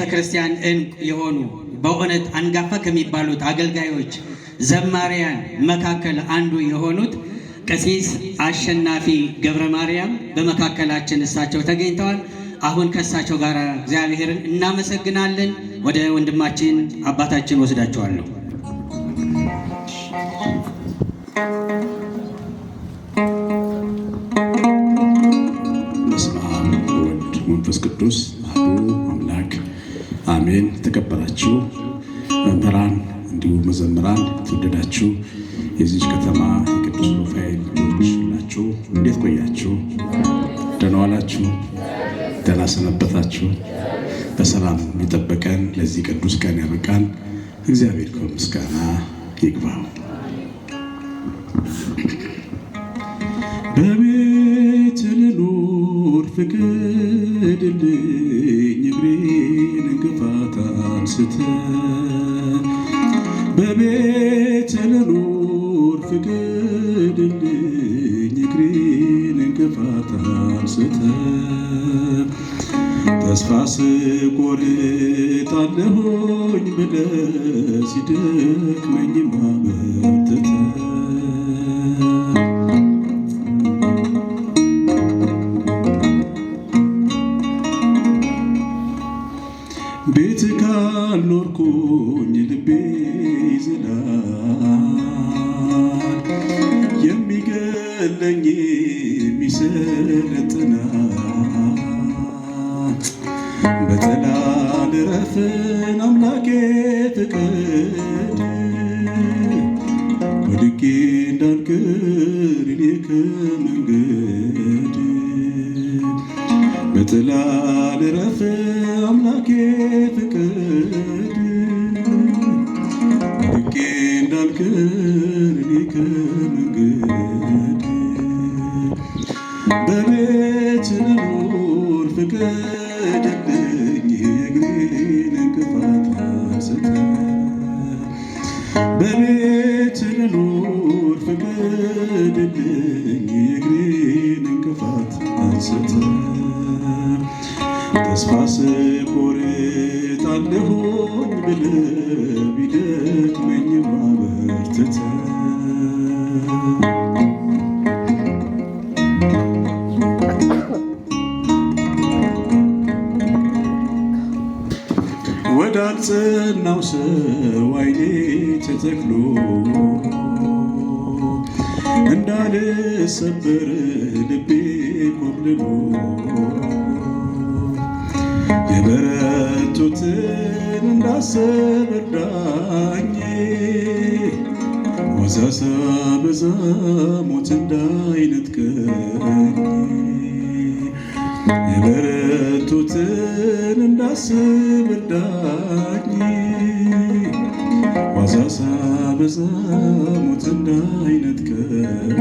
የቤተ ክርስቲያን እንቁ የሆኑ በእውነት አንጋፋ ከሚባሉት አገልጋዮች ዘማሪያን መካከል አንዱ የሆኑት ቀሲስ አሸናፊ ገብረ ማርያም በመካከላችን እሳቸው ተገኝተዋል። አሁን ከእሳቸው ጋር እግዚአብሔርን እናመሰግናለን። ወደ ወንድማችን አባታችን ወስዳቸዋለሁ። በስመ አብ ወወልድ ወመንፈስ ቅዱስ አሐዱ አሜን። ተቀበላችሁ መምህራን፣ እንዲሁ መዘምራን፣ ተወደዳችሁ የዚች ከተማ የቅዱስ ሩፋኤል ልጆች ናችሁ። እንዴት ቆያችሁ? ደህና ዋላችሁ? ደህና ሰነበታችሁ? በሰላም የጠበቀን ለዚህ ቅዱስ ቀን ያበቃን እግዚአብሔር ከምስጋና ይግባው። በቤት ልኑር ፍቅር አንስተን በቤት ልኖር ፍቀድልኝ እግሬን እንቅፋት አንስተን ተስፋ ስቆርጥ አለሆኝ ብለህ ሲደክመኝ ማመን ቤት ካልኖርኩኝ ልቤ ይዝላል፣ የሚገለኝ የሚሰለጥናል። በጥላ ረፍን አምላኬ ፍቅድ ወድቄ እንዳልቀር እኔ ከመንገድ በጠላል ረፍ ፍቅር በሰዋይኔ ተተክሎ እንዳልሰበር ልቤ ኮብልሎ የበረቱትን እንዳስብ እርዳኝ፣ በዛ ሞት እንዳይነጥቀኝ የበረቱትን እንዳስብ እርዳኝ አሳ በሰሙት እንዳይነጥቀኝ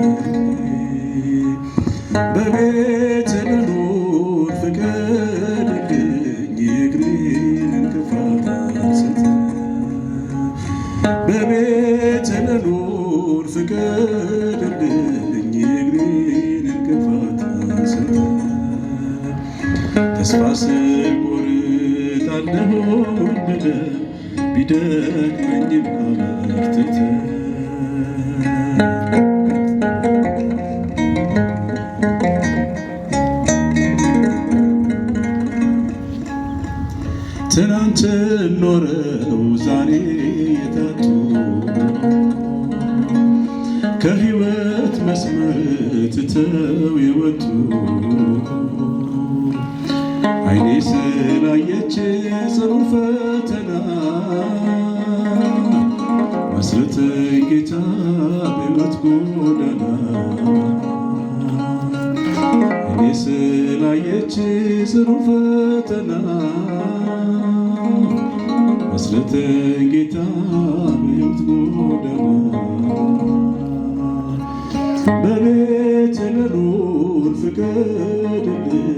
በቤት ልኑር ፍቀድልኝ የእግሬን እንቅፋት አንስተህ በቤት ልኑር ፍቀድልኝ የእግሬን እንቅፋት አንስተህ ተስፋ ስቆርጥ አለሁ ቢደክመኝም አመክተተ ትናንትን ኖረው ዛሬ የታጡ ከህይወት መስመር ትተው የወጡ አይኔ ስላየች ጽኑር ፈተና መስረተኝ ጌታ በሕይወት ጎዳና አይኔ ስላየች ጽኑር ፈተና መስረተኝ ጌታ በሕይወት ጎዳና በቤት ልኑር ፍቀድልኝ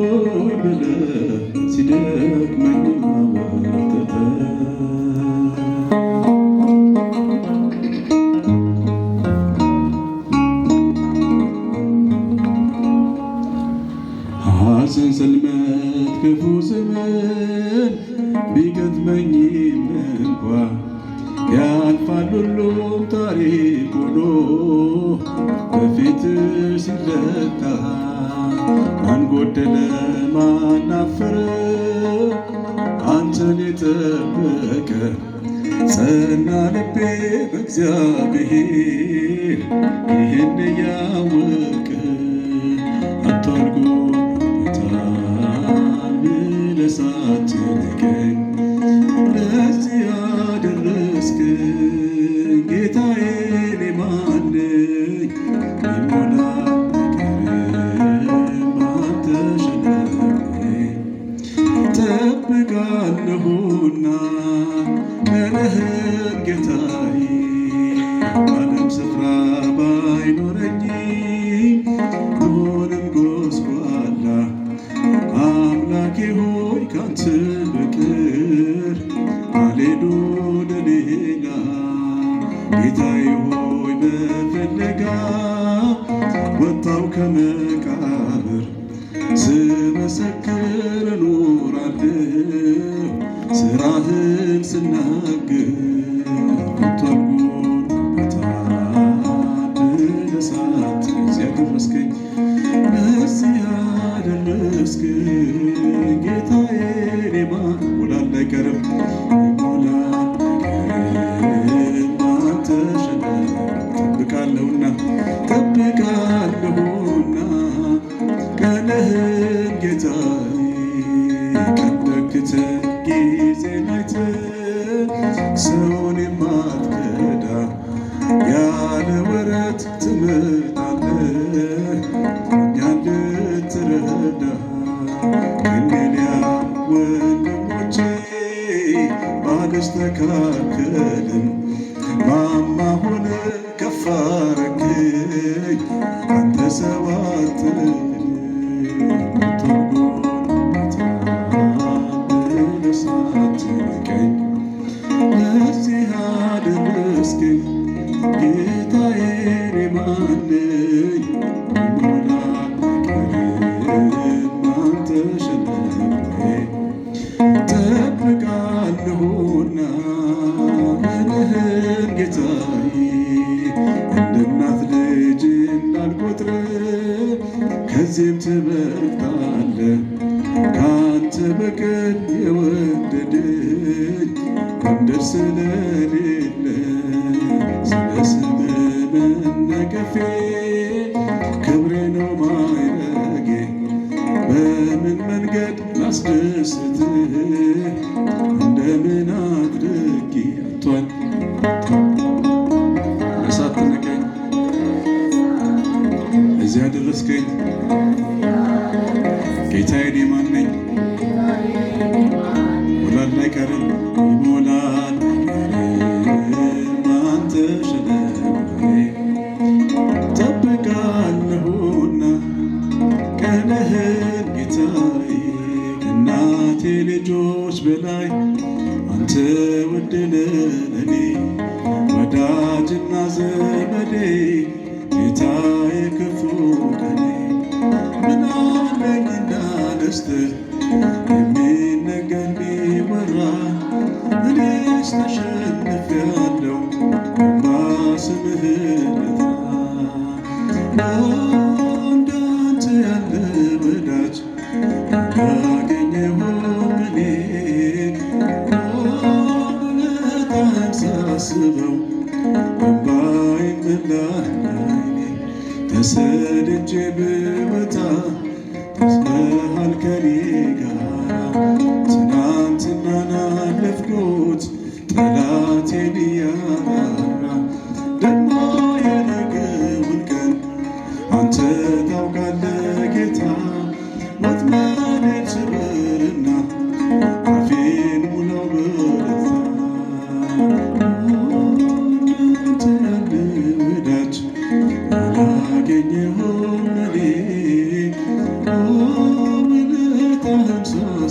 አላፈረ አንተን የጠበቀ ጸና ልቤ በእግዚአብሔር ይህን ያወቀ to ነህን ጌታዬ ቀን ጊዜ ናይተ ሰውን የማትከዳ ያለ ወረት ትመጣለህ እኛን ልትረዳ እንግዲያ ወንድሞቼ ባልስተካከልም ማማ ሆነ ከፍ ክንድር ስለሌለ ስለ ስምህ ክብሬ ነው ማዕረጌ በምን መንገድ ላስደስትህ እንደምን አድርጌ አቷል ለሳትንቀኝ እዚያ ደረስከኝ አንተ ወደደን እኔ ወዳጅና ዘመዴ ጌታ የክፉ ቀኔ ምናለኝና ደስት የሚነገር ቢወራ እኔስ ተሸንፌአለሁ በስምህ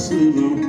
Shalom.